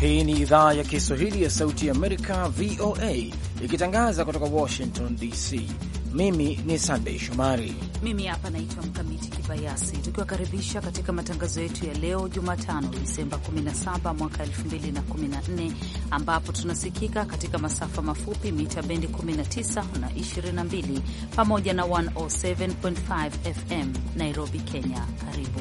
Hii ni idhaa ya Kiswahili ya Sauti ya Amerika, VOA, ikitangaza kutoka Washington DC. Mimi ni Sandei Shomari. Mimi hapa naitwa Mkamiti Kibayasi, tukiwakaribisha katika matangazo yetu ya leo Jumatano, Disemba 17 mwaka 2014, ambapo tunasikika katika masafa mafupi mita bendi 19 na 22 pamoja na 107.5 FM Nairobi, Kenya. Karibu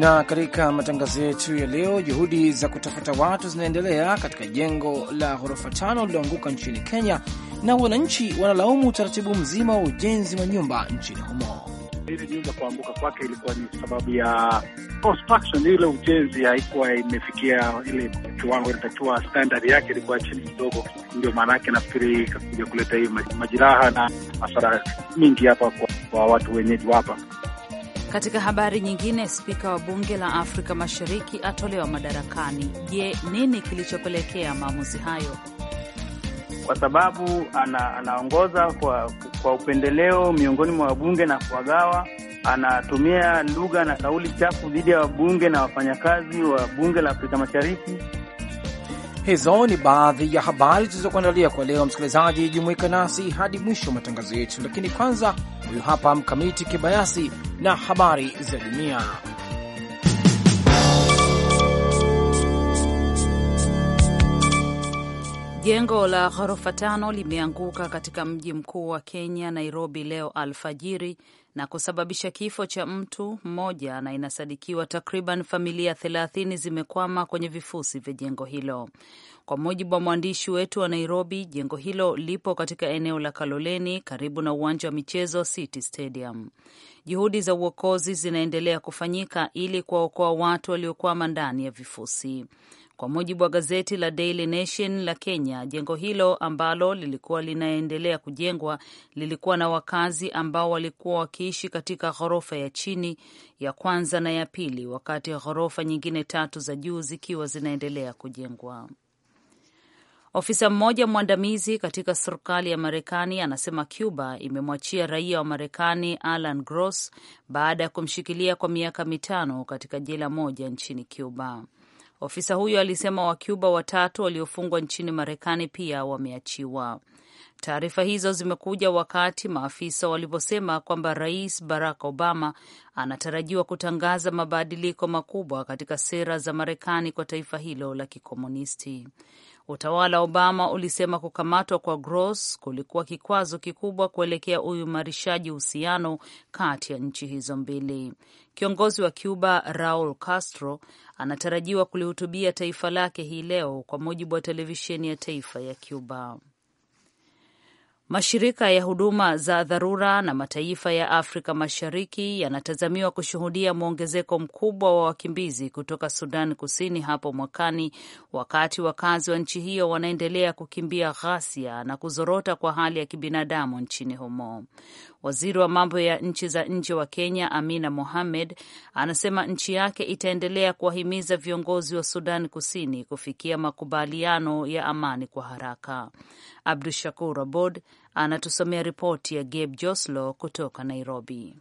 Na katika matangazo yetu ya leo, juhudi za kutafuta watu zinaendelea katika jengo la ghorofa tano lililoanguka nchini Kenya, na wananchi wanalaumu utaratibu mzima wa ujenzi wa nyumba nchini humo. Ile nyumba kuanguka kwake ilikuwa ni sababu ya construction, ile ujenzi haikuwa imefikia ile kiwango inatakiwa, standard yake ilikuwa chini kidogo, ndio maana yake nafikiri ikakuja kuleta hii majiraha na hasara mingi hapa kwa, kwa watu wenyeji hapa. Katika habari nyingine, spika wa bunge la Afrika Mashariki atolewa madarakani. Je, nini kilichopelekea maamuzi hayo? Kwa sababu ana, anaongoza kwa, kwa upendeleo miongoni mwa wabunge na kuwagawa. Anatumia lugha na kauli chafu dhidi ya wabunge na wafanyakazi wa bunge la Afrika Mashariki. Hizo ni baadhi ya habari zilizokuandalia kwa leo. Msikilizaji, jumuika nasi hadi mwisho matangazo yetu, lakini kwanza, huyu hapa Mkamiti Kibayasi na habari za dunia. Jengo la ghorofa tano limeanguka katika mji mkuu wa Kenya, Nairobi, leo alfajiri na kusababisha kifo cha mtu mmoja, na inasadikiwa takriban familia thelathini zimekwama kwenye vifusi vya jengo hilo. Kwa mujibu wa mwandishi wetu wa Nairobi, jengo hilo lipo katika eneo la Kaloleni karibu na uwanja wa michezo City Stadium. Juhudi za uokozi zinaendelea kufanyika ili kuwaokoa watu waliokwama ndani ya vifusi. Kwa mujibu wa gazeti la Daily Nation la Kenya, jengo hilo ambalo lilikuwa linaendelea kujengwa lilikuwa na wakazi ambao walikuwa wakiishi katika ghorofa ya chini, ya kwanza na ya pili, wakati ghorofa nyingine tatu za juu zikiwa zinaendelea kujengwa. Ofisa mmoja mwandamizi katika serikali ya Marekani anasema Cuba imemwachia raia wa Marekani Alan Gross baada ya kumshikilia kwa miaka mitano katika jela moja nchini Cuba. Ofisa huyo alisema Wacuba watatu waliofungwa nchini Marekani pia wameachiwa. Taarifa hizo zimekuja wakati maafisa waliposema kwamba Rais Barack Obama anatarajiwa kutangaza mabadiliko makubwa katika sera za Marekani kwa taifa hilo la kikomunisti. Utawala wa Obama ulisema kukamatwa kwa Gross kulikuwa kikwazo kikubwa kuelekea uimarishaji uhusiano kati ya nchi hizo mbili. Kiongozi wa Cuba Raul Castro anatarajiwa kulihutubia taifa lake hii leo, kwa mujibu wa televisheni ya taifa ya Cuba. Mashirika ya huduma za dharura na mataifa ya Afrika Mashariki yanatazamiwa kushuhudia mwongezeko mkubwa wa wakimbizi kutoka Sudan Kusini hapo mwakani, wakati wakazi wa nchi hiyo wanaendelea kukimbia ghasia na kuzorota kwa hali ya kibinadamu nchini humo. Waziri wa mambo ya nchi za nje wa Kenya, Amina Mohamed, anasema nchi yake itaendelea kuwahimiza viongozi wa Sudan Kusini kufikia makubaliano ya amani kwa haraka. Abdu Shakur Abod anatusomea ripoti ya Gabe Joslow kutoka Nairobi.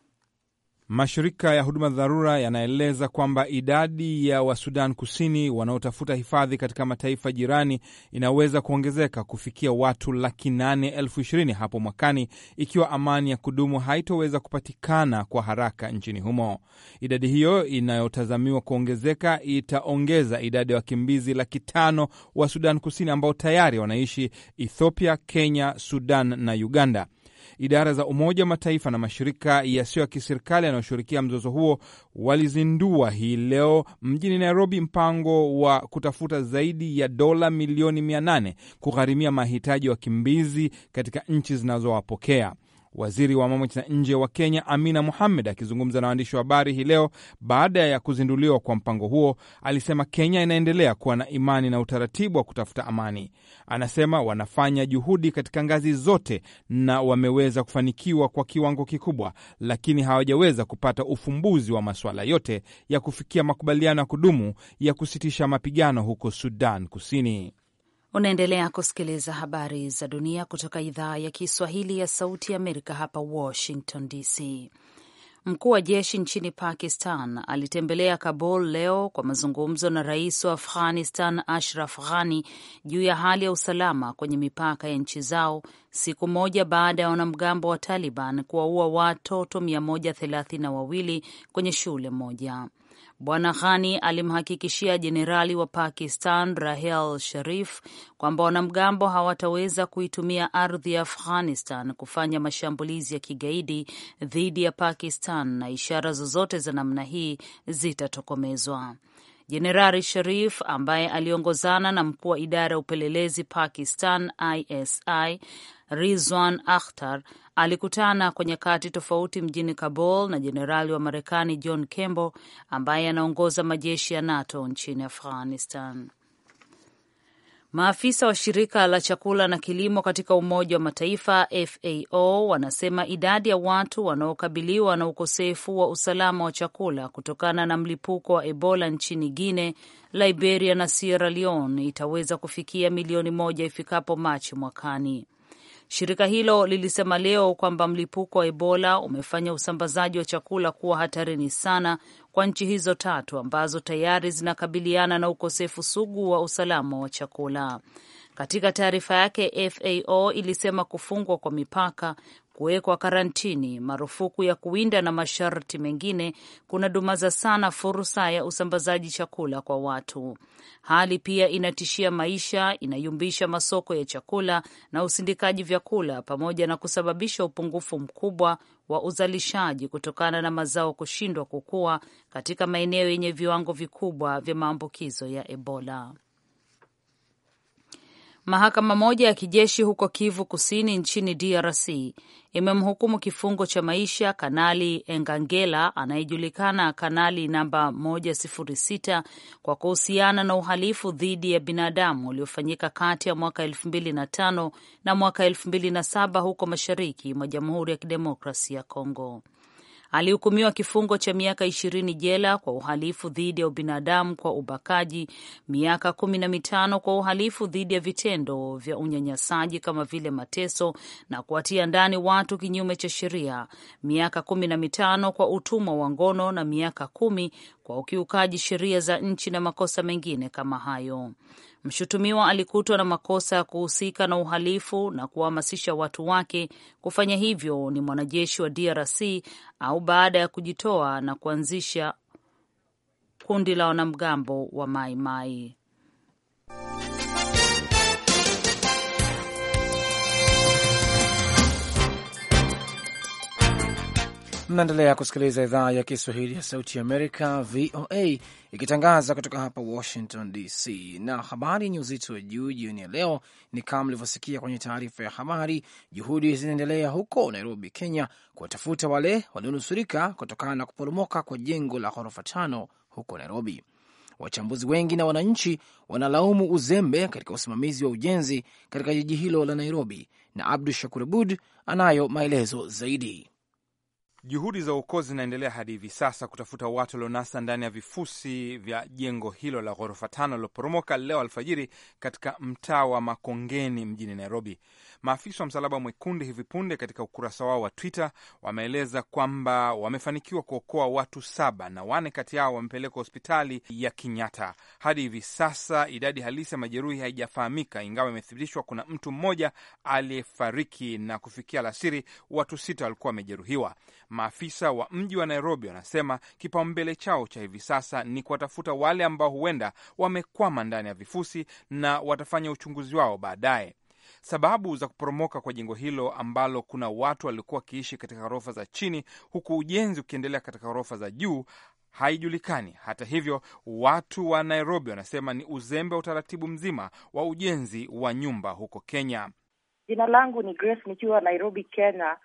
Mashirika ya huduma dharura yanaeleza kwamba idadi ya Wasudan Kusini wanaotafuta hifadhi katika mataifa jirani inaweza kuongezeka kufikia watu laki nane elfu ishirini hapo mwakani ikiwa amani ya kudumu haitoweza kupatikana kwa haraka nchini humo. Idadi hiyo inayotazamiwa kuongezeka itaongeza idadi ya wakimbizi laki tano wa Sudan Kusini ambao tayari wanaishi Ethiopia, Kenya, Sudan na Uganda idara za Umoja wa Mataifa na mashirika yasiyo ya kiserikali yanayoshughulikia mzozo huo walizindua hii leo mjini Nairobi mpango wa kutafuta zaidi ya dola milioni mia nane kugharimia mahitaji ya wakimbizi katika nchi zinazowapokea. Waziri wa mambo ya nje wa Kenya Amina Mohamed akizungumza na waandishi wa habari hii leo baada ya kuzinduliwa kwa mpango huo, alisema Kenya inaendelea kuwa na imani na utaratibu wa kutafuta amani. Anasema wanafanya juhudi katika ngazi zote na wameweza kufanikiwa kwa kiwango kikubwa, lakini hawajaweza kupata ufumbuzi wa masuala yote ya kufikia makubaliano ya kudumu ya kusitisha mapigano huko Sudan Kusini. Unaendelea kusikiliza habari za dunia kutoka idhaa ya Kiswahili ya Sauti ya Amerika, hapa Washington DC. Mkuu wa jeshi nchini Pakistan alitembelea Kabul leo kwa mazungumzo na rais wa Afghanistan Ashraf Ghani juu ya hali ya usalama kwenye mipaka ya nchi zao, siku moja baada ya wanamgambo wa Taliban kuwaua watoto mia moja thelathini na wawili kwenye shule moja. Bwana Ghani alimhakikishia jenerali wa Pakistan Rahel Sharif kwamba wanamgambo hawataweza kuitumia ardhi ya Afghanistan kufanya mashambulizi ya kigaidi dhidi ya Pakistan na ishara zozote za namna hii zitatokomezwa. Jenerali Sharif ambaye aliongozana na mkuu wa idara ya upelelezi Pakistan ISI Rizwan Akhtar alikutana kwa nyakati tofauti mjini Kabul na jenerali wa Marekani John Campbell ambaye anaongoza majeshi ya NATO nchini Afghanistan. Maafisa wa shirika la chakula na kilimo katika Umoja wa Mataifa FAO wanasema idadi ya watu wanaokabiliwa na ukosefu wa usalama wa chakula kutokana na mlipuko wa Ebola nchini Guinea, Liberia na Sierra Leone itaweza kufikia milioni moja ifikapo Machi mwakani. Shirika hilo lilisema leo kwamba mlipuko wa Ebola umefanya usambazaji wa chakula kuwa hatarini sana kwa nchi hizo tatu ambazo tayari zinakabiliana na ukosefu sugu wa usalama wa chakula. Katika taarifa yake, FAO ilisema kufungwa kwa mipaka, kuwekwa karantini, marufuku ya kuwinda na masharti mengine kuna dumaza sana fursa ya usambazaji chakula kwa watu. Hali pia inatishia maisha, inayumbisha masoko ya chakula na usindikaji vyakula, pamoja na kusababisha upungufu mkubwa wa uzalishaji kutokana na mazao kushindwa kukua katika maeneo yenye viwango vikubwa vya maambukizo ya Ebola. Mahakama moja ya kijeshi huko Kivu Kusini nchini DRC imemhukumu kifungo cha maisha Kanali Engangela anayejulikana Kanali namba 106 kwa kuhusiana na uhalifu dhidi ya binadamu uliofanyika kati ya mwaka 2005 na mwaka 2007 huko mashariki mwa Jamhuri ya kidemokrasi ya Kongo alihukumiwa kifungo cha miaka ishirini jela kwa uhalifu dhidi ya ubinadamu kwa ubakaji, miaka kumi na mitano kwa uhalifu dhidi ya vitendo vya unyanyasaji kama vile mateso na kuwatia ndani watu kinyume cha sheria, miaka kumi na mitano kwa utumwa wa ngono na miaka kumi kwa ukiukaji sheria za nchi na makosa mengine kama hayo. Mshutumiwa alikutwa na makosa ya kuhusika na uhalifu na kuwahamasisha watu wake kufanya hivyo ni mwanajeshi wa DRC au baada ya kujitoa na kuanzisha kundi la wanamgambo wa maimai Mai. Mnaendelea kusikiliza idhaa ya Kiswahili ya Sauti ya Amerika, VOA, ikitangaza kutoka hapa Washington DC. Na habari yenye uzito wa juu jioni ya leo ni kama mlivyosikia kwenye taarifa ya habari, juhudi zinaendelea huko Nairobi, Kenya, kuwatafuta wale walionusurika kutokana na kuporomoka kwa jengo la ghorofa tano huko Nairobi. Wachambuzi wengi na wananchi wanalaumu uzembe katika usimamizi wa ujenzi katika jiji hilo la Nairobi, na Abdu Shakur Abud anayo maelezo zaidi. Juhudi za uokozi zinaendelea hadi hivi sasa kutafuta watu walionasa ndani ya vifusi vya jengo hilo la ghorofa tano lililoporomoka leo alfajiri katika mtaa wa Makongeni mjini Nairobi. Maafisa wa Msalaba Mwekundu hivi punde katika ukurasa wao wa Twitter wameeleza kwamba wamefanikiwa kuokoa watu saba na wane kati yao wamepelekwa hospitali ya kinyatta Hadi hivi sasa idadi halisi ya majeruhi haijafahamika, ingawa imethibitishwa kuna mtu mmoja aliyefariki na kufikia alasiri watu sita walikuwa wamejeruhiwa. Maafisa wa mji wa Nairobi wanasema kipaumbele chao cha hivi sasa ni kuwatafuta wale ambao huenda wamekwama ndani ya vifusi na watafanya uchunguzi wao baadaye. Sababu za kuporomoka kwa jengo hilo ambalo kuna watu waliokuwa wakiishi katika ghorofa za chini huku ujenzi ukiendelea katika ghorofa za juu haijulikani. Hata hivyo, watu wa Nairobi wanasema ni uzembe wa utaratibu mzima wa ujenzi wa nyumba huko Kenya. Jina langu ni Grace nikiwa Nairobi, Kenya.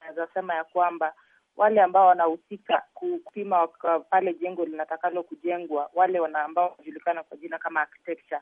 Naweza sema ya kwamba wale ambao wanahusika kupima uh, pale jengo linatakalo kujengwa, wale wana ambao wanajulikana kwa jina kama architecture,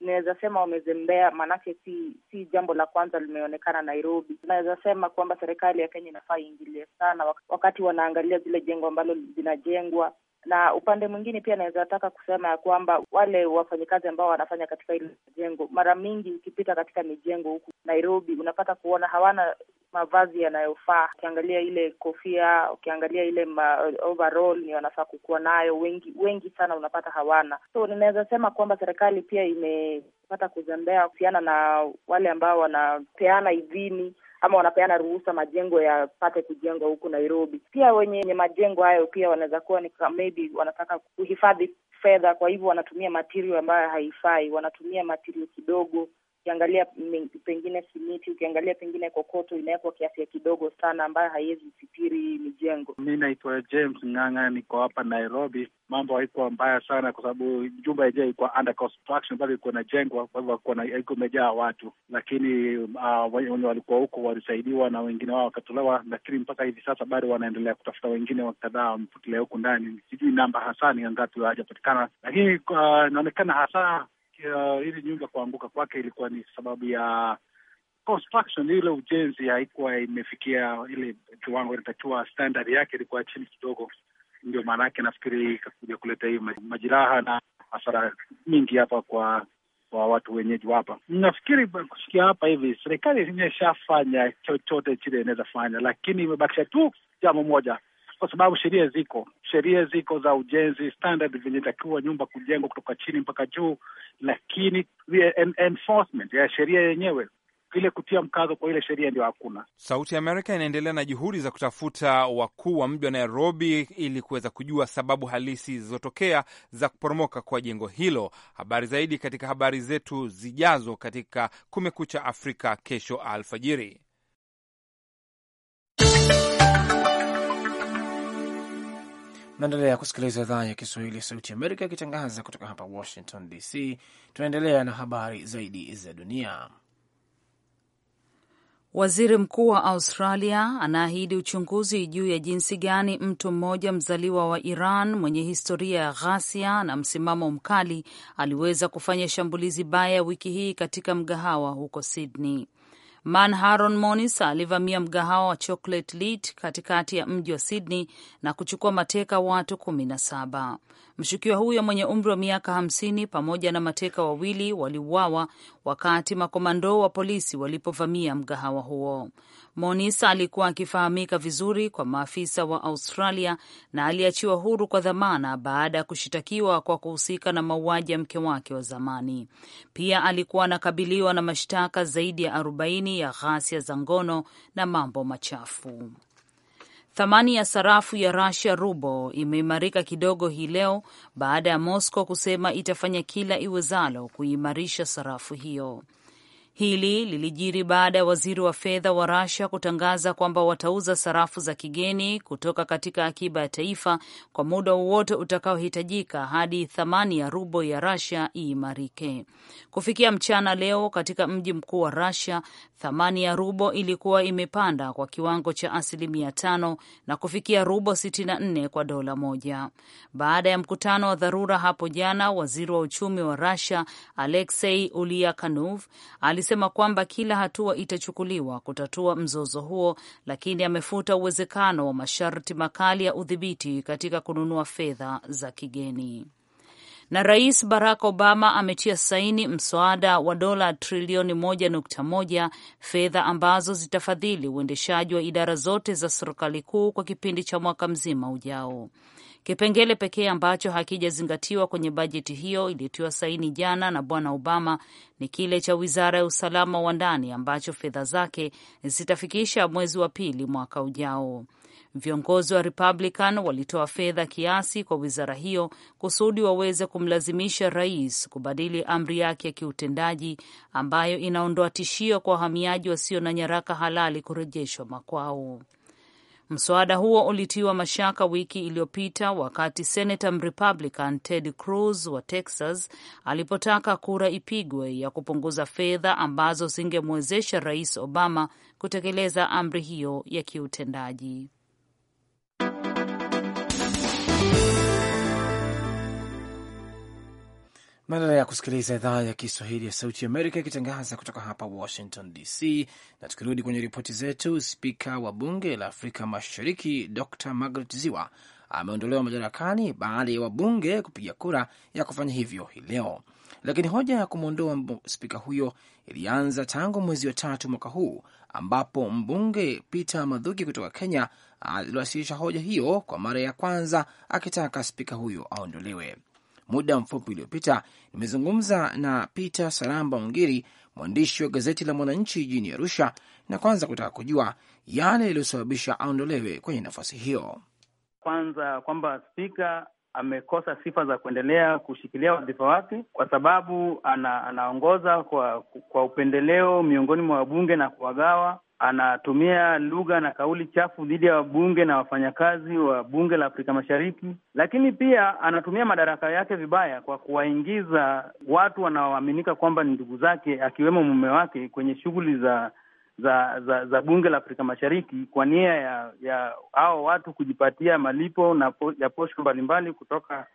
Naweza sema wamezembea, maanake si si jambo la kwanza limeonekana Nairobi. Naweza sema kwamba serikali ya Kenya inafaa iingilie sana wakati wanaangalia zile jengo ambalo zinajengwa na upande mwingine pia naweza taka kusema ya kwamba wale wafanyakazi ambao wanafanya katika ile mijengo mara mingi ukipita katika mijengo huku Nairobi unapata kuona hawana mavazi yanayofaa. Ukiangalia ile kofia, ukiangalia ile ma overall ni wanafaa kukuwa nayo, wengi wengi sana unapata hawana. So ninaweza sema kwamba serikali pia imepata kuzembea kuhusiana na wale ambao wanapeana idhini ama wanapeana ruhusa majengo yapate kujengwa huku Nairobi. Pia wenye majengo hayo pia wanaweza kuwa ni maybe wanataka kuhifadhi fedha, kwa hivyo wanatumia material ambayo haifai, wanatumia material kidogo ukiangalia pengine simiti, ukiangalia pengine kokoto inawekwa kiasi kidogo sana ambayo haiwezi sitiri mijengo. Mi naitwa James Ng'ang'a, niko hapa Nairobi. Mambo haiko mbaya sana kwa sababu jumba yenyewe iko under construction, bado iko najengwa, kwa hivyo imejaa watu, lakini uh, wenye walikuwa huko walisaidiwa na wengine wao wakatolewa, lakini mpaka hivi sasa bado wanaendelea kutafuta wengine kadhaa wamefutilia huku ndani. Sijui namba hasa ni ngapi hawajapatikana, lakini uh, inaonekana hasa uh, ili nyumba kuanguka kwake ilikuwa ni sababu ya construction, ile ujenzi haikuwa imefikia ile kiwango inatakiwa, standard yake ilikuwa chini kidogo, ndio maana yake nafikiri ikakuja kuleta hiyo majiraha na hasara mingi hapa kwa kwa watu wenyeji hapa. Nafikiri kusikia hapa hivi serikali imeshafanya chochote chile inaweza fanya, lakini imebakisha tu jambo moja kwa sababu sheria ziko, sheria ziko za ujenzi, standard vinatakiwa nyumba kujengwa kutoka chini mpaka juu, lakini enforcement ya sheria yenyewe vile kutia mkazo kwa ile sheria ndio hakuna. Sauti ya Amerika inaendelea na juhudi za kutafuta wakuu wa mji wa Nairobi ili kuweza kujua sababu halisi zilizotokea za kuporomoka kwa jengo hilo. Habari zaidi katika habari zetu zijazo katika Kumekucha Afrika kesho alfajiri. Naendelea kusikiliza idhaa ya Kiswahili ya Sauti Amerika ikitangaza kutoka hapa Washington DC. Tunaendelea na habari zaidi za dunia. Waziri mkuu wa Australia anaahidi uchunguzi juu ya jinsi gani mtu mmoja mzaliwa wa Iran mwenye historia ya ghasia na msimamo mkali aliweza kufanya shambulizi baya wiki hii katika mgahawa huko Sydney. Manharon Monis alivamia mgahawa wa Chocolate Lit katikati ya mji wa Sydney na kuchukua mateka watu kumi na saba. Mshukiwa huyo mwenye umri wa miaka hamsini pamoja na mateka wawili waliuawa wakati makomando wa polisi walipovamia mgahawa huo. Monisa alikuwa akifahamika vizuri kwa maafisa wa Australia na aliachiwa huru kwa dhamana baada ya kushitakiwa kwa kuhusika na mauaji ya mke wake wa zamani. Pia alikuwa anakabiliwa na mashtaka zaidi ya 40 ya ghasia za ngono na mambo machafu. Thamani ya sarafu ya Russia rubo imeimarika kidogo hii leo baada ya Moscow kusema itafanya kila iwezalo kuimarisha sarafu hiyo. Hili lilijiri baada ya waziri wa fedha wa Russia kutangaza kwamba watauza sarafu za kigeni kutoka katika akiba ya taifa kwa muda wowote utakaohitajika hadi thamani ya rubo ya Russia iimarike. Kufikia mchana leo, katika mji mkuu wa Russia, thamani ya rubo ilikuwa imepanda kwa kiwango cha asilimia tano na kufikia rubo 64 kwa dola moja. Baada ya mkutano wa dharura hapo jana, waziri wa uchumi wa Russia Alexei Uliakanov amesema kwamba kila hatua itachukuliwa kutatua mzozo huo, lakini amefuta uwezekano wa masharti makali ya udhibiti katika kununua fedha za kigeni. Na Rais Barack Obama ametia saini mswada wa dola trilioni 1.1, fedha ambazo zitafadhili uendeshaji wa idara zote za serikali kuu kwa kipindi cha mwaka mzima ujao. Kipengele pekee ambacho hakijazingatiwa kwenye bajeti hiyo iliyotiwa saini jana na Bwana Obama ni kile cha wizara ya usalama wa ndani ambacho fedha zake zitafikisha mwezi wa pili mwaka ujao. Viongozi wa Republican walitoa fedha kiasi kwa wizara hiyo kusudi waweze kumlazimisha rais kubadili amri yake ya kiutendaji ambayo inaondoa tishio kwa wahamiaji wasio na nyaraka halali kurejeshwa makwao. Mswada huo ulitiwa mashaka wiki iliyopita wakati senata Mrepublican Ted Cruz wa Texas alipotaka kura ipigwe ya kupunguza fedha ambazo zingemwezesha Rais Obama kutekeleza amri hiyo ya kiutendaji. Maendelea kusikiliza idhaa ya Kiswahili ya Sauti Amerika ikitangaza kutoka hapa Washington DC. Na tukirudi kwenye ripoti zetu, spika wa bunge la Afrika Mashariki Dr Margaret Ziwa ameondolewa madarakani baada ya wabunge kupiga kura ya kufanya hivyo hii leo, lakini hoja ya kumwondoa spika huyo ilianza tangu mwezi wa tatu mwaka huu ambapo mbunge Peter madhuki kutoka Kenya aliwasilisha hoja hiyo kwa mara ya kwanza akitaka spika huyo aondolewe. Muda mfupi uliopita nimezungumza na Peter Salamba ungiri mwandishi wa gazeti la Mwananchi jijini Arusha, na kwanza kutaka kujua yale yaliyosababisha aondolewe kwenye nafasi hiyo. Kwanza kwamba spika amekosa sifa za kuendelea kushikilia wadhifa wake kwa sababu ana, anaongoza kwa kwa upendeleo miongoni mwa wabunge na kuwagawa anatumia lugha na kauli chafu dhidi ya wabunge na wafanyakazi wa bunge la Afrika Mashariki, lakini pia anatumia madaraka yake vibaya kwa kuwaingiza watu wanaoaminika kwamba ni ndugu zake, akiwemo mume wake kwenye shughuli za za za za bunge la Afrika Mashariki kwa nia ya ya hao watu kujipatia malipo na po, ya posho mbalimbali kutoka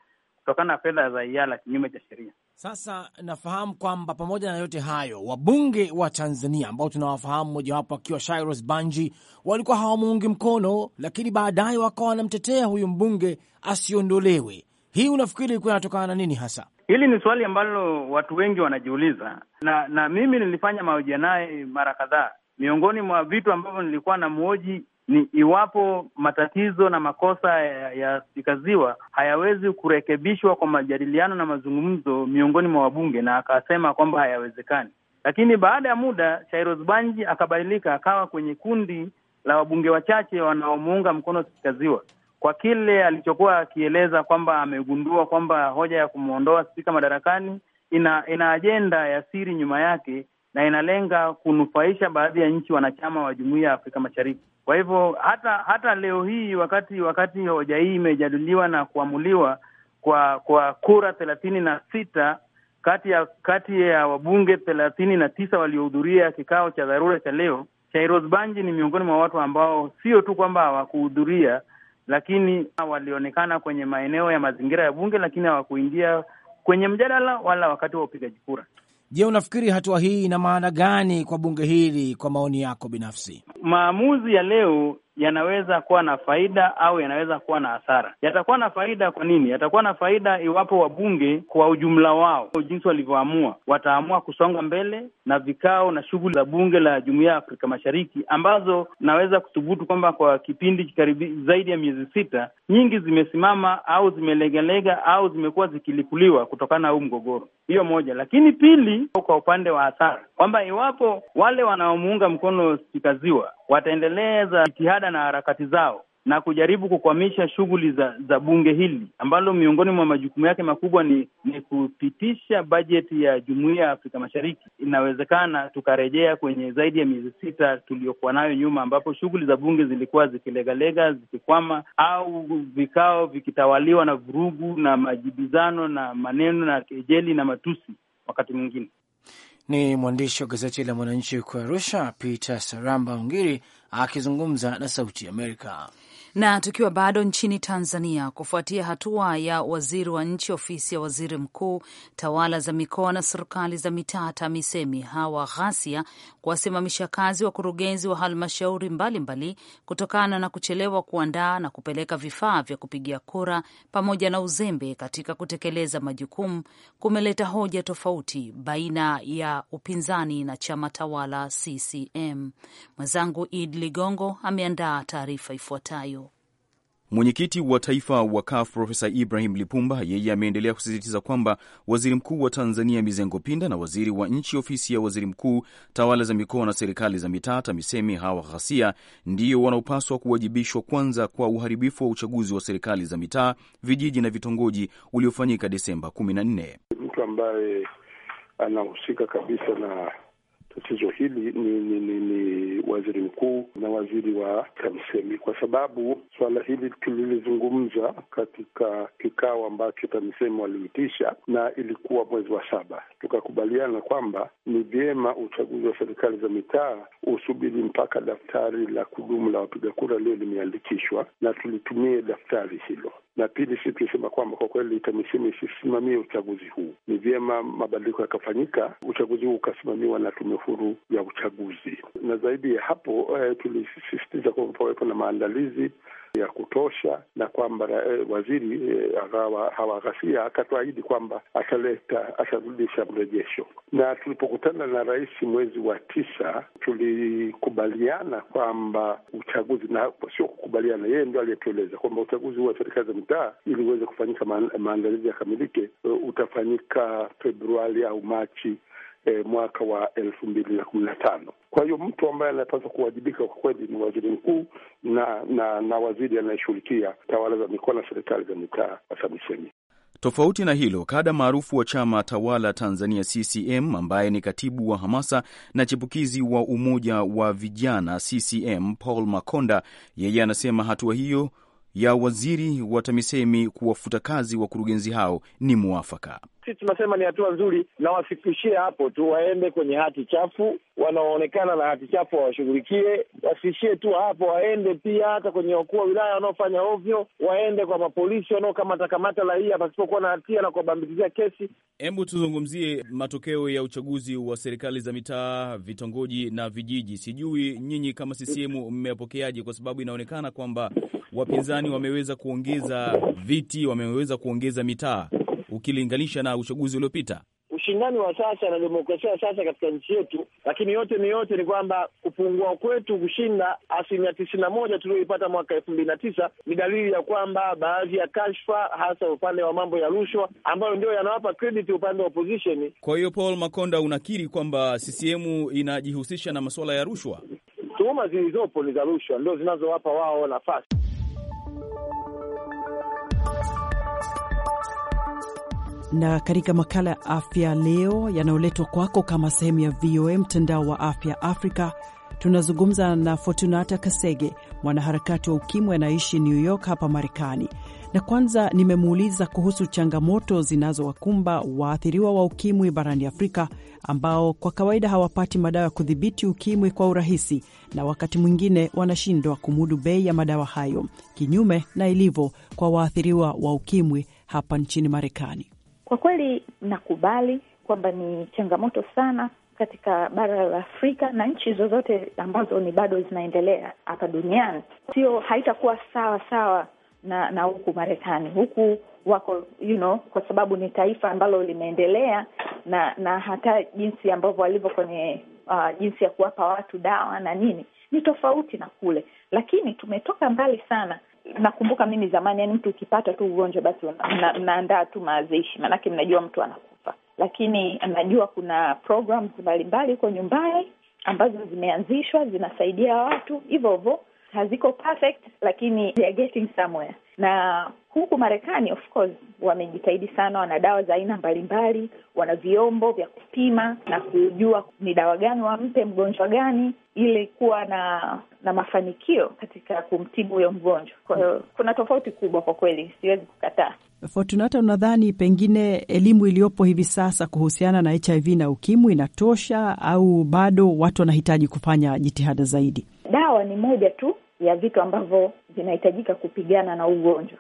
kutokana na fedha za iala kinyume cha sheria. Sasa nafahamu kwamba pamoja na yote hayo, wabunge wa Tanzania ambao tunawafahamu, mojawapo akiwa Shairos Banji, walikuwa hawamuungi mkono, lakini baadaye wakawa wanamtetea huyu mbunge asiondolewe. Hii unafikiri ilikuwa inatokana na nini hasa? Hili ni swali ambalo watu wengi wanajiuliza, na na mimi nilifanya mahojiano naye mara kadhaa. Miongoni mwa vitu ambavyo nilikuwa na mhoji ni iwapo matatizo na makosa ya spika Ziwa hayawezi kurekebishwa kwa majadiliano na mazungumzo miongoni mwa wabunge, na akasema kwamba hayawezekani. Lakini baada ya muda Chairos Banji akabadilika, akawa kwenye kundi la wabunge wachache wanaomuunga mkono spika Ziwa kwa kile alichokuwa akieleza kwamba amegundua kwamba hoja ya kumwondoa spika madarakani ina ina ajenda ya siri nyuma yake na inalenga kunufaisha baadhi ya nchi wanachama wa jumuiya ya Afrika Mashariki. Kwa hivyo hata hata leo hii wakati wakati hoja hii imejadiliwa na kuamuliwa kwa kwa kura thelathini na sita kati ya kati ya wabunge thelathini na tisa waliohudhuria kikao cha dharura cha leo, Chairos Banji ni miongoni mwa watu ambao sio tu kwamba hawakuhudhuria, lakini walionekana kwenye maeneo ya mazingira ya bunge, lakini hawakuingia kwenye mjadala wala wakati wa upigaji kura. Je, unafikiri hatua hii ina maana gani kwa bunge hili, kwa maoni yako binafsi? Maamuzi ya leo yanaweza kuwa na faida au yanaweza kuwa na hasara. Yatakuwa na faida kwa nini? Yatakuwa na faida iwapo wabunge kwa ujumla wao, jinsi walivyoamua, wataamua kusonga mbele na vikao na shughuli za bunge la Jumuiya ya Afrika Mashariki, ambazo naweza kuthubutu kwamba kwa kipindi kikaribu zaidi ya miezi sita, nyingi zimesimama au zimelegalega au zimekuwa zikilipuliwa kutokana na huu mgogoro. Hiyo moja, lakini pili, kwa upande wa hasara kwamba iwapo wale wanaomuunga mkono Spika Ziwa wataendeleza jitihada na harakati zao na kujaribu kukwamisha shughuli za, za bunge hili ambalo miongoni mwa majukumu yake makubwa ni, ni kupitisha bajeti ya Jumuiya ya Afrika Mashariki, inawezekana tukarejea kwenye zaidi ya miezi sita tuliyokuwa nayo nyuma, ambapo shughuli za bunge zilikuwa zikilegalega, zikikwama au vikao vikitawaliwa na vurugu na majibizano na maneno na kejeli na matusi wakati mwingine. Ni mwandishi wa gazeti la Mwananchi kwa Arusha, Peter Saramba Ungiri akizungumza na Sauti Amerika. Na tukiwa bado nchini Tanzania, kufuatia hatua ya waziri wa nchi ofisi ya waziri mkuu, tawala za mikoa na serikali za mitaa, TAMISEMI, Hawa Ghasia, kuwasimamisha kazi wakurugenzi wa halmashauri mbalimbali kutokana na kuchelewa kuandaa na kupeleka vifaa vya kupigia kura pamoja na uzembe katika kutekeleza majukumu kumeleta hoja tofauti baina ya upinzani na chama tawala CCM. Mwenzangu Id Ligongo ameandaa taarifa ifuatayo. Mwenyekiti wa taifa wa KAF Profesa Ibrahim Lipumba yeye ameendelea kusisitiza kwamba waziri mkuu wa Tanzania Mizengo Pinda na waziri wa nchi ofisi ya waziri mkuu tawala za mikoa na serikali za mitaa TAMISEMI Hawa Ghasia ndio wanaopaswa kuwajibishwa kwanza kwa uharibifu wa uchaguzi wa serikali za mitaa, vijiji na vitongoji uliofanyika Desemba kumi na nne. Mtu ambaye anahusika kabisa na tatizo hili ni, ni, ni, ni waziri mkuu na waziri wa TAMISEMI, kwa sababu suala hili tulilizungumza katika kikao ambacho TAMISEMI waliitisha na ilikuwa mwezi wa saba, tukakubaliana kwamba ni vyema uchaguzi wa serikali za mitaa usubiri mpaka daftari la kudumu la wapiga kura lio limeandikishwa, na tulitumie daftari hilo na pili, sisi tulisema kwamba kwa kweli TAMISEMI isisimamie uchaguzi huu, ni vyema mabadiliko yakafanyika, uchaguzi huu ukasimamiwa na tume huru ya uchaguzi. Na zaidi ya hapo, eh, tulisisitiza kwamba pawepo na maandalizi ya kutosha, na kwamba eh, waziri eh, agawa, hawa ghasia akatuahidi kwamba ataleta atarudisha mrejesho. Na tulipokutana na rais mwezi wa tisa, tulikubaliana kwamba uchaguzi na sio kukubaliana, yeye ndio aliyetueleza kwamba uchaguzi huu wa serikali za mitaa ili uweze kufanyika, maandalizi yakamilike, eh, utafanyika Februari au Machi e, mwaka wa elfu mbili na kumi na tano. Kwa hiyo mtu ambaye anapaswa kuwajibika kwa kweli ni waziri mkuu na na, na waziri anayeshughulikia tawala za mikoa na serikali za mitaa wa TAMISEMI. Tofauti na hilo, kada maarufu wa chama tawala Tanzania CCM ambaye ni katibu wa hamasa na chipukizi wa umoja wa vijana CCM Paul Makonda, yeye anasema hatua hiyo ya waziri wa TAMISEMI kuwafuta kazi wakurugenzi hao ni mwafaka. Sisi tunasema ni hatua nzuri, na wasiishie hapo tu, waende kwenye hati chafu. Wanaoonekana na hati chafu wawashughulikie, wasiishie tu hapo, waende pia hata kwenye wakuu wa wilaya wanaofanya ovyo, waende kwa mapolisi wanaokamatakamata raia pasipokuwa na hatia na kuwabambikizia kesi. Hebu tuzungumzie matokeo ya uchaguzi wa serikali za mitaa, vitongoji na vijiji. Sijui nyinyi kama CCM mmeapokeaje kwa sababu inaonekana kwamba wapinzani wameweza kuongeza viti, wameweza kuongeza mitaa ukilinganisha na uchaguzi uliopita ushindani wa sasa na demokrasia ya sasa katika nchi yetu. Lakini yote ni yote ni kwamba kupungua kwetu kushinda asilimia tisini na moja tulioipata mwaka elfu mbili na tisa ni dalili ya kwamba baadhi ya kashfa, hasa upande wa mambo ya rushwa, ambayo ndio yanawapa credit upande wa opposition. Kwa hiyo, Paul Makonda, unakiri kwamba CCM inajihusisha na masuala ya rushwa? Tuhuma zilizopo ni za rushwa, ndio zinazowapa wao nafasi. na katika makala ya afya leo yanayoletwa kwako kama sehemu ya VOA mtandao wa afya Afrika, tunazungumza na Fortunata Kasege, mwanaharakati wa ukimwi anaishi New York hapa Marekani. Na kwanza nimemuuliza kuhusu changamoto zinazowakumba waathiriwa wa ukimwi barani Afrika, ambao kwa kawaida hawapati madawa ya kudhibiti ukimwi kwa urahisi, na wakati mwingine wanashindwa kumudu bei ya madawa hayo, kinyume na ilivyo kwa waathiriwa wa ukimwi hapa nchini Marekani. Kwa kweli nakubali kwamba ni changamoto sana katika bara la Afrika na nchi zozote ambazo ni bado zinaendelea hapa duniani, sio haitakuwa sawa sawa na na huku Marekani. Huku wako you know, kwa sababu ni taifa ambalo limeendelea na na hata jinsi ambavyo walivyo kwenye uh, jinsi ya kuwapa watu dawa na nini ni tofauti na kule, lakini tumetoka mbali sana nakumbuka mimi zamani, yani mtu ukipata tu ugonjwa basi mnaandaa tu mazishi, maanake mnajua mtu anakufa. Lakini najua kuna programs mbalimbali huko nyumbani ambazo zimeanzishwa zinasaidia watu hivyo hivyo, haziko perfect, lakini they are getting somewhere na Huku Marekani of course wamejitahidi sana, wana dawa za aina mbalimbali, wana vyombo vya kupima na kujua ni dawa gani wampe mgonjwa gani, ili kuwa na na mafanikio katika kumtibu huyo mgonjwa. Kwa hiyo kuna tofauti kubwa kwa kweli, siwezi kukataa. Fortunata, unadhani pengine elimu iliyopo hivi sasa kuhusiana na HIV na ukimwi inatosha au bado watu wanahitaji kufanya jitihada zaidi? Dawa ni moja tu ya vitu ambavyo vinahitajika kupigana na ugonjwa,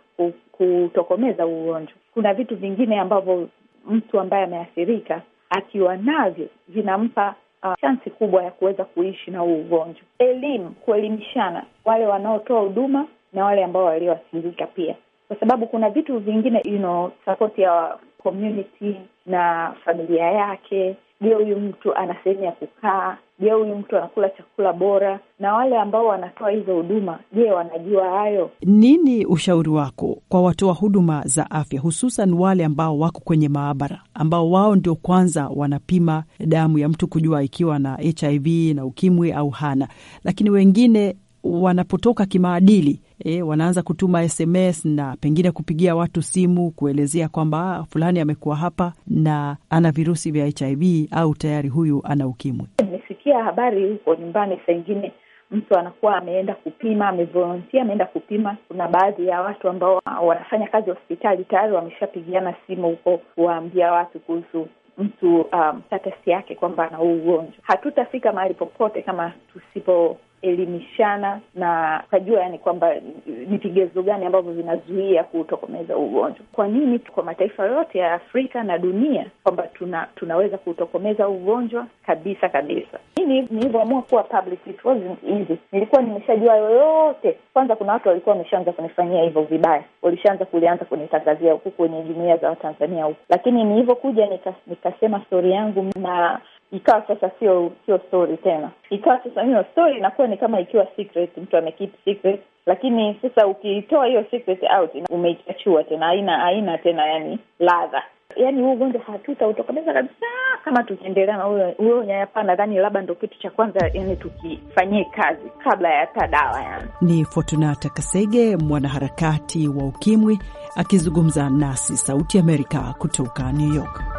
kutokomeza ugonjwa. Kuna vitu vingine ambavyo mtu ambaye ameathirika akiwa navyo vinampa uh, chansi kubwa ya kuweza kuishi na huu ugonjwa. Elimu, kuelimishana wale wanaotoa huduma na wale ambao walioathirika pia, kwa sababu kuna vitu vingine you know, ya community na familia yake Je, huyu mtu ana sehemu ya kukaa? Je, huyu mtu anakula chakula bora? Na wale ambao wanatoa hizo huduma, je, wanajua hayo? Nini ushauri wako kwa watoa huduma za afya, hususan wale ambao wako kwenye maabara, ambao wao ndio kwanza wanapima damu ya mtu kujua ikiwa na HIV na ukimwi au hana, lakini wengine wanapotoka kimaadili e, wanaanza kutuma SMS na pengine kupigia watu simu kuelezea kwamba ah, fulani amekuwa hapa na ana virusi vya HIV au tayari huyu ana ukimwi. Nimesikia habari huko nyumbani, saa ingine mtu anakuwa ameenda kupima, amevolontia, ameenda kupima. Kuna baadhi ya watu ambao wanafanya kazi hospitali tayari wameshapigiana simu huko kuwaambia watu kuhusu mtu um, status yake kwamba ana huu ugonjwa. Hatutafika mahali popote kama tusipo kuelimishana na ukajua yani kwamba ni vigezo gani ambavyo vinazuia kuutokomeza ugonjwa. Kwa nini kwa mataifa yote ya Afrika na dunia kwamba tuna, tunaweza kuutokomeza ugonjwa kabisa kabisa? Mimi nilivyoamua kuwa public, it wasn't easy. Nilikuwa nimeshajua yoyote. Kwanza kuna watu walikuwa wameshaanza kunifanyia hivyo vibaya, walishaanza kulianza kunitangazia huku kwenye jumuia za Watanzania huku, lakini nilivyokuja nikasema nika stori yangu na ikawa sasa sio sio story tena, ikawa sasa hiyo story inakuwa ni kama ikiwa secret, mtu amekeep secret, lakini sasa ukitoa hiyo secret out umeichachua tena, haina haina tena yani ladha. Yani huu ugonjwa hatutautokomeza kabisa kama tukiendelea na huyo unyanyapaa. Nadhani labda ndo kitu cha kwanza, yani tukifanyie kazi kabla ya hata dawa. Yani ni Fortunata Kasege, mwanaharakati wa ukimwi, akizungumza nasi Sauti Amerika kutoka New York.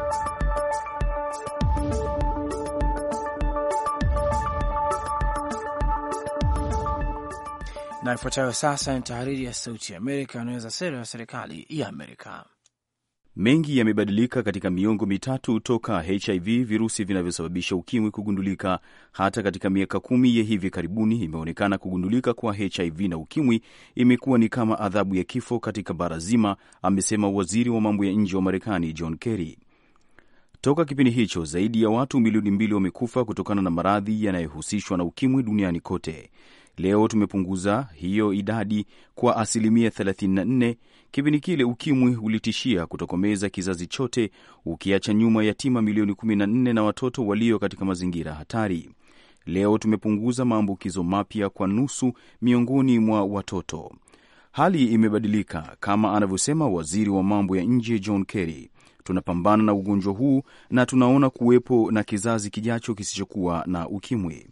ifuatayo sasa ni tahariri ya Sauti ya Amerika anaweza sera ya serikali ya Amerika. Mengi yamebadilika katika miongo mitatu toka HIV, virusi vinavyosababisha ukimwi, kugundulika. Hata katika miaka kumi ya hivi karibuni, imeonekana kugundulika kwa HIV na ukimwi imekuwa ni kama adhabu ya kifo katika bara zima, amesema waziri wa mambo ya nje wa Marekani John Kerry. Toka kipindi hicho zaidi ya watu milioni mbili wamekufa kutokana na maradhi yanayohusishwa na ukimwi duniani kote. Leo tumepunguza hiyo idadi kwa asilimia 34. Kipindi kile ukimwi ulitishia kutokomeza kizazi chote, ukiacha nyuma yatima milioni 14 na watoto walio katika mazingira hatari. Leo tumepunguza maambukizo mapya kwa nusu miongoni mwa watoto. Hali imebadilika kama anavyosema waziri wa mambo ya nje John Kerry. Tunapambana na ugonjwa huu na tunaona kuwepo na kizazi kijacho kisichokuwa na ukimwi.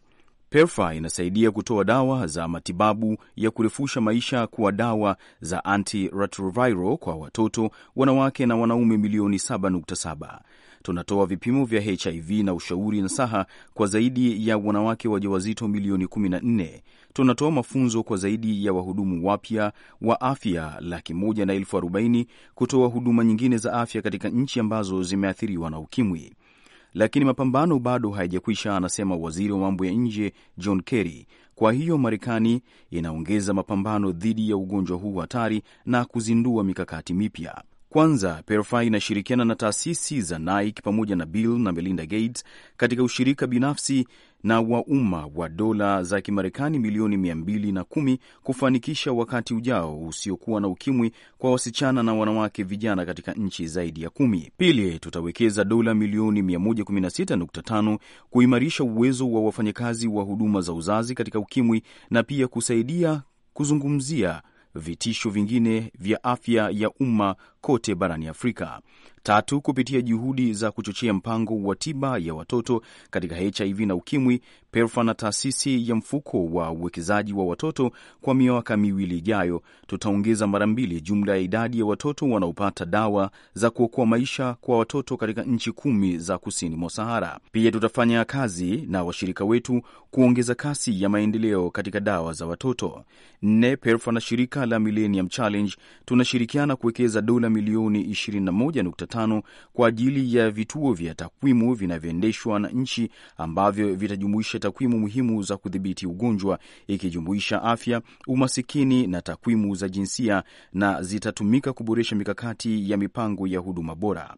PEPFAR inasaidia kutoa dawa za matibabu ya kurefusha maisha kuwa dawa za antiretroviral kwa watoto, wanawake na wanaume milioni 7.7. Tunatoa vipimo vya HIV na ushauri na saha kwa zaidi ya wanawake wajawazito milioni 14. Tunatoa mafunzo kwa zaidi ya wahudumu wapya wa afya laki moja na elfu arobaini kutoa huduma nyingine za afya katika nchi ambazo zimeathiriwa na ukimwi lakini mapambano bado haijakwisha, anasema waziri wa mambo ya nje John Kerry. Kwa hiyo Marekani inaongeza mapambano dhidi ya ugonjwa huu hatari na kuzindua mikakati mipya. Kwanza, PEPFAR inashirikiana na taasisi za Nike pamoja na Bill na Melinda Gates katika ushirika binafsi na wa umma wa dola za Kimarekani milioni 21 kufanikisha wakati ujao usiokuwa na ukimwi kwa wasichana na wanawake vijana katika nchi zaidi ya kumi. Pili, tutawekeza dola milioni 116.5 kuimarisha uwezo wa wafanyakazi wa huduma za uzazi katika ukimwi na pia kusaidia kuzungumzia vitisho vingine vya afya ya umma kote barani Afrika. Tatu, kupitia juhudi za kuchochea mpango wa tiba ya watoto katika HIV na ukimwi, PERFA na taasisi ya mfuko wa uwekezaji wa watoto, kwa miaka miwili ijayo tutaongeza mara mbili jumla ya idadi ya watoto wanaopata dawa za kuokoa maisha kwa watoto katika nchi kumi za kusini mwa Sahara. Pia tutafanya kazi na washirika wetu kuongeza kasi ya maendeleo katika dawa za watoto. Nne, PERFA na shirika la Millennium Challenge tunashirikiana kuwekeza dola milioni 21.5 kwa ajili ya vituo vya takwimu vinavyoendeshwa na nchi ambavyo vitajumuisha takwimu muhimu za kudhibiti ugonjwa ikijumuisha afya, umasikini na takwimu za jinsia na zitatumika kuboresha mikakati ya mipango ya huduma bora.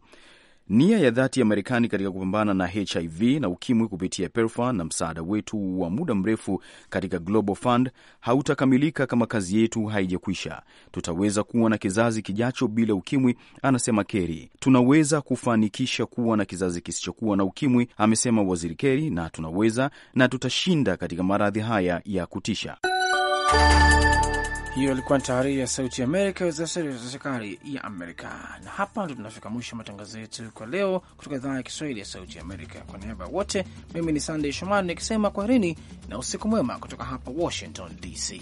Nia ya dhati ya Marekani katika kupambana na HIV na ukimwi kupitia PEPFAR na msaada wetu wa muda mrefu katika Global Fund hautakamilika kama kazi yetu haijakwisha. Tutaweza kuwa na kizazi kijacho bila ukimwi, anasema keri Tunaweza kufanikisha kuwa na kizazi kisichokuwa na ukimwi, amesema Waziri keri na tunaweza na tutashinda katika maradhi haya ya kutisha. Hiyo ilikuwa ni tahariri ya Sauti Amerika za serikali ya Amerika. Na hapa ndo tunafika mwisho matangazo yetu kwa leo kutoka idhaa ya Kiswahili ya Sauti Amerika. Kwa niaba ya wote, mimi ni Sandey Shomari nikisema kwaherini na usiku mwema kutoka hapa Washington DC.